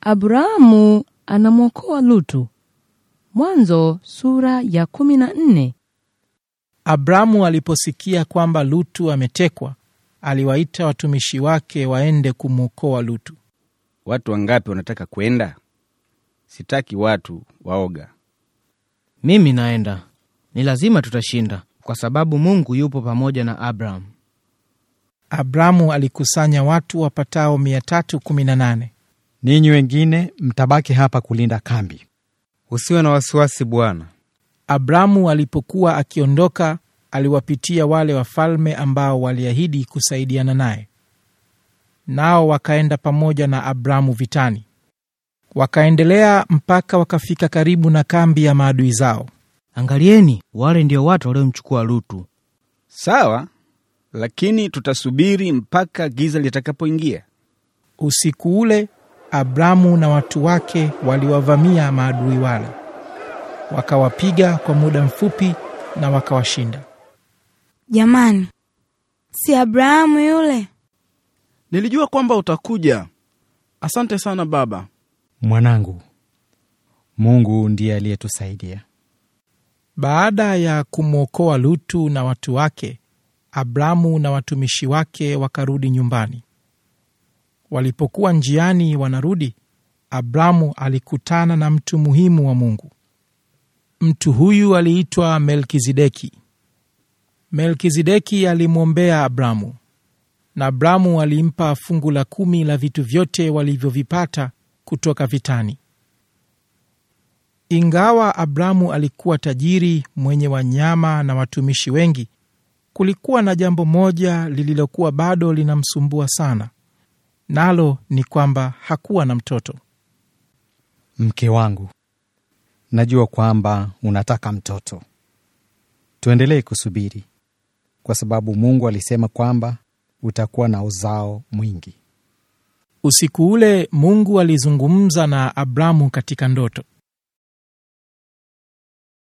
Abrahamu anamwokoa Lutu. Mwanzo sura ya 14. Abrahamu aliposikia kwamba Lutu ametekwa, aliwaita watumishi wake waende kumwokoa Lutu. Watu wangapi wanataka kwenda? Sitaki watu waoga. Mimi naenda. Ni lazima tutashinda kwa sababu Mungu yupo pamoja na Abrahamu. Abrahamu alikusanya watu wapatao 318 ninyi wengine mtabaki hapa kulinda kambi. Usiwe na wasiwasi bwana. Abramu alipokuwa akiondoka, aliwapitia wale wafalme ambao waliahidi kusaidiana naye, nao wakaenda pamoja na Abramu vitani. Wakaendelea mpaka wakafika karibu na kambi ya maadui zao. Angalieni, wale ndio watu waliomchukua Lutu. Sawa, lakini tutasubiri mpaka giza litakapoingia. Usiku ule Abramu na watu wake waliwavamia maadui wale, wakawapiga kwa muda mfupi na wakawashinda. Jamani, si Abrahamu yule? Nilijua kwamba utakuja. Asante sana baba. Mwanangu, Mungu ndiye aliyetusaidia. Baada ya kumwokoa Lutu na watu wake, Abramu na watumishi wake wakarudi nyumbani. Walipokuwa njiani wanarudi, Abramu alikutana na mtu muhimu wa Mungu. Mtu huyu aliitwa Melkizedeki. Melkizedeki alimwombea Abramu na Abramu alimpa fungu la kumi la vitu vyote walivyovipata kutoka vitani. Ingawa Abramu alikuwa tajiri mwenye wanyama na watumishi wengi, kulikuwa na jambo moja lililokuwa bado linamsumbua sana nalo ni kwamba hakuwa na mtoto. Mke wangu, najua kwamba unataka mtoto. Tuendelee kusubiri, kwa sababu Mungu alisema kwamba utakuwa na uzao mwingi. Usiku ule Mungu alizungumza na abrahamu katika ndoto.